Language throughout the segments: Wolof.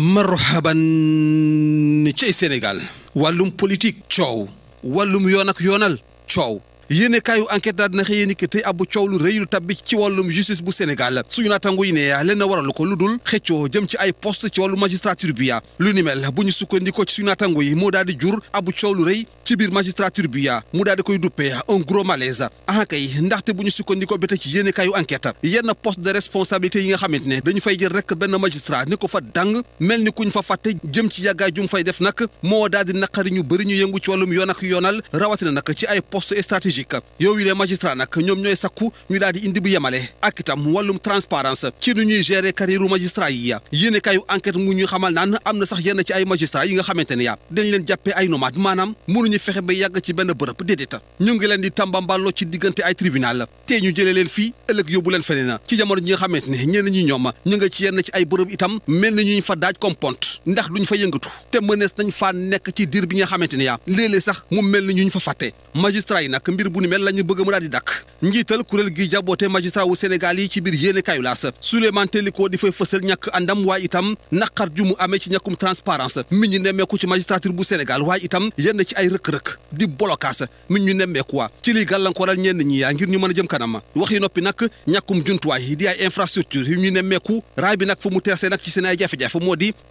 marhaban cey Sénégal wàllum politique coow wàllum yoon ak yoonal coow yéene kaayu enquête daal dina xëyee ni ki tey ab coow lu rëy lu tabbi ci wàllum justice bu Sénégal suñu naatango yi ne leen waralu ko lu dul xëccoo jëm ci ay poste ci wàllu magistrature bi ya lu ni mel bu ñu sukkandikoo ci su naatango yi moo daal di jur ab coow lu rëy ci biir magistrature bi ya mu daal di koy duppee un gros malaise ah kay ndaxte bu ñu sukkandikoo ba tey ci yéene kaayu enquête yenn poste de responsabilité yi nga xamante ne dañu fay jël rek benn magistrat ni ko fa dang mel ni kuñ fa fàtte jëm ci yàggaay jum fay def nag moo daal di ñu bëri ñu yëngu ci wàllum yoon ak yoonal rawatina nag ci ay poste stratégique logique yow yi les nag ñoom ñooy sakku ñu daal indi bu yemale ak itam wàllum transparence ci nu ñuy gérer carrière magistrat yi yéene kayu enquête mu ñu xamal naan am na sax yenn ci ay magistrats yi nga xamante ne ya dañ leen jàppee ay nomade maanaam mënuñu fexe ba yàgg ci benn bërëb déedéet ñu ngi leen di tambamballoo ci diggante ay tribunal te ñu jëlee leen fii ëllëg yóbbu leen feneen ci jamono ji nga xamante ne ñenn ñi ñoom ñu ci yenn ci ndax duñ fa yëngatu te mënees nañ faa nekk ci diir bi nga xamante ne yaa sax mu mel ni ñu ñu fa fàtte magistrat yi nag mbir bu ni mel la ñu bëgg mu daal di dakk njiital kuréel gi jaboote magistrat wu Sénégal yi ci biir yéene kayu laas Souleymane Teliko di fay fësal ñàkk àndam waaye itam naqar ju mu amee ci ñàkkum transparence mi ñu nemmeeku ci magistrature bu Sénégal waaye itam yenn ci ay rëkk-rëkk di bolokaas mi ñu nemmeeku waa ci liy gàllankooral ñenn ñi yaa ngir ñu mën a jëm kanam wax yi noppi nag ñàkkum juntuwaay di ay infrastructure yu ñu nemmeeku raay bi nag fu mu tersee nag ci seen ay jafe di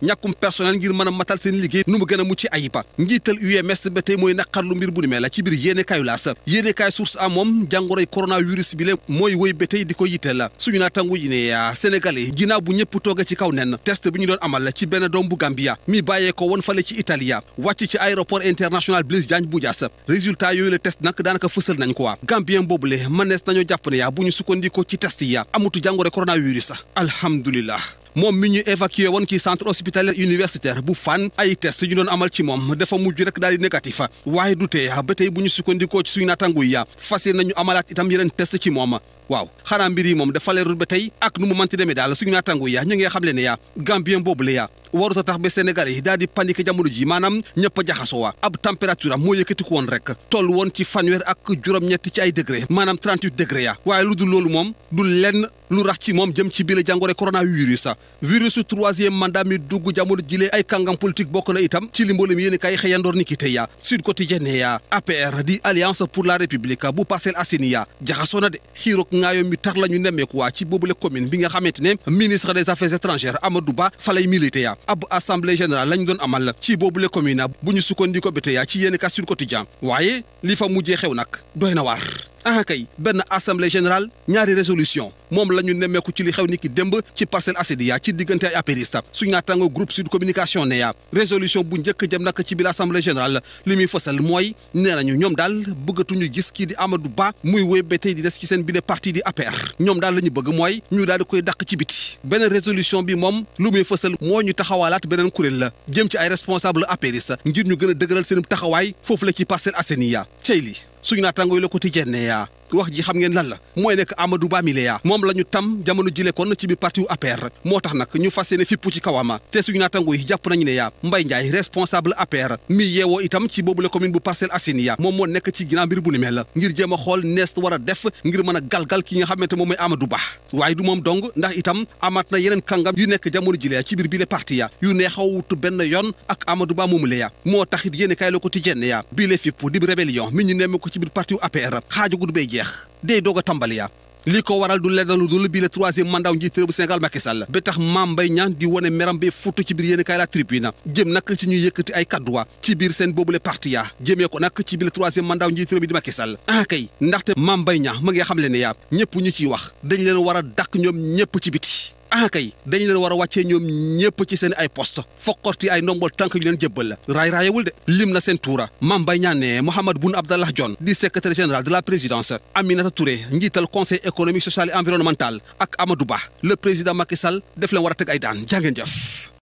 ñàkkum personnel ngir mën a matal seen liggéey nu mu gën a mucc ayiba njiital UMS ba tey mooy naqarlu mbir bu ni mel la ci biir yéene kaayu laas yéene kaay source a moom jàngoroy coronavirus bi le mooy woy ba tey di ko yitteel la suñu naatangu yi ne ah, sénégalais ginnaaw bu ñëpp toogee ci kaw nen test bi ñu doon amal la ci benn doom bu Gambia mi bàyyee ko woon fale ci Italia wàcc ci aéroport international Blaise Diagne a Diass résultat yooyu le test nag daanaka fësal nañ ko Gambien boobule mënees nañoo jàpp ne yaa ah, bu ñu sukkandikoo ci test yi yaa amatu jàngoro coronavirus alhamdulillah moom mi ñu évacué woon ci centre hospitalier universitaire bu Fann ay test ñu doon amal ci moom dafa mujj rek daal di négatif waaye du tee ba tey bu ñu sukkandikoo ci suñu naataango yi fas nañu amalaat itam yeneen test ci moom waaw xanaa mbir moom dafa leerul ba tey ak nu mu mënti demee daal suñu naataango yi ñu ngi xam le ne yaa Gambien boobu la waruta tax be sénégalais yi daldi panique paniqué jamono ji manam ñepp jaxaso wa ab température mo yëkëti yëkkatiku won rek toll won ci fanwer ak juroom ñett ci ay degré manam 38 degré ya waye lu dul loolu mom du lenn lu rax ci mom jëm ci biir jàngoro coronavirus virusu e mandat mi dugg jamono jile ay kangam politique bokk na itam ci li mboolem yéen kay xeyandor ni ki tey ya Sud quotidienne ya APR di alliance pour la république bu Parcelles asinia ya na de xiiroog ngaayo mi tax lañu ñu ko wa ci boobule commune bi nga xamantene ministre des affaires étrangères Amadou Ba falay ab assemblée générale lañu doon amal ci boobule commune bu ñu sukkandiko bi te yaa ci yéen kas sur quotidien waaye li fa mujjee xew nag doy na waar ah kay benn assemblée générale ñaari résolution moom la ñu nemmeeku ci li xew ni ki démb ci Parcelles Assainies ci diggante ay apérista suñu naataango groupe Sud Communication ne yaa résolution bu njëkk jëm nag ci biir assemblée générale li muy fësal mooy nee nañu ñoom daal bëggatuñu gis kii di Amadou Ba muy wéy ba tey di des ci seen bile parti di APR ñoom daal la ñu bëgg mooy ñu daal di koy dàq ci biti beneen résolution bi moom lu muy fasal moo ñu taxawaalaat beneen kuréel la jëm ci ay responsable apérista ngir ñu gën a dëgëral seen taxawaay foofu la ci Parcelles Assainies ya cey li suñu naataango yi la quotidienne ya wax ji xam ngeen lan la mooy nekk Amadou Ba Miléa moom la tam jamono jile kon ci biir parti wu moo tax nag ñu fas yéene fippu ci kawama te suñu naatango yi jàpp nañu ne yaa Mbaye Ndiaye responsable APR mi yeewoo itam ci boobu la bu Parcelles Assainies ya moom moo nekk ci ginnaaw mbir bu ni mel la ngir jéem a xool nees war a def ngir mën a galgal ki nga xamante moom mooy Amadou Ba waaye du moom dong ndax itam amaat na yeneen kàngam yu nekk jamono jile ci biir bile moo taxit yéen kay la ko ti jeex day doog a tàmbaliyaa li ko waral du lenn lu dul bii la troisième mandat njiit réew bu Sénégal Macky Sall ba ci biir yéen kaay la tribune jëm nag ci ñuy yëkkati ay kadduwa ci biir seen boobule parti yaa jëmee ko nag ci biir troisième mandat njiit di Macky Sall ah ndaxte Mame Mbaye Niang ma ngi xam leen ne yaa ñëpp ñu ciy wax dañ leen war a ñoom ñëpp ci biti. ah kay dañ leen war a wàccee ñoom ñëpp ci seen ay poste foqorti ay ndombol tànk yu leen jébbal la raay raayewul de lim na seen tuura Mame Mbaye Niang ne Mahammed Boun Abdallah Dionne di secrétaire général de la présidence Aminata Touré njiital conseil économique social et environnemental ak Amadou Ba le président Macky Sall def leen war a teg ay daan jàngeen jëf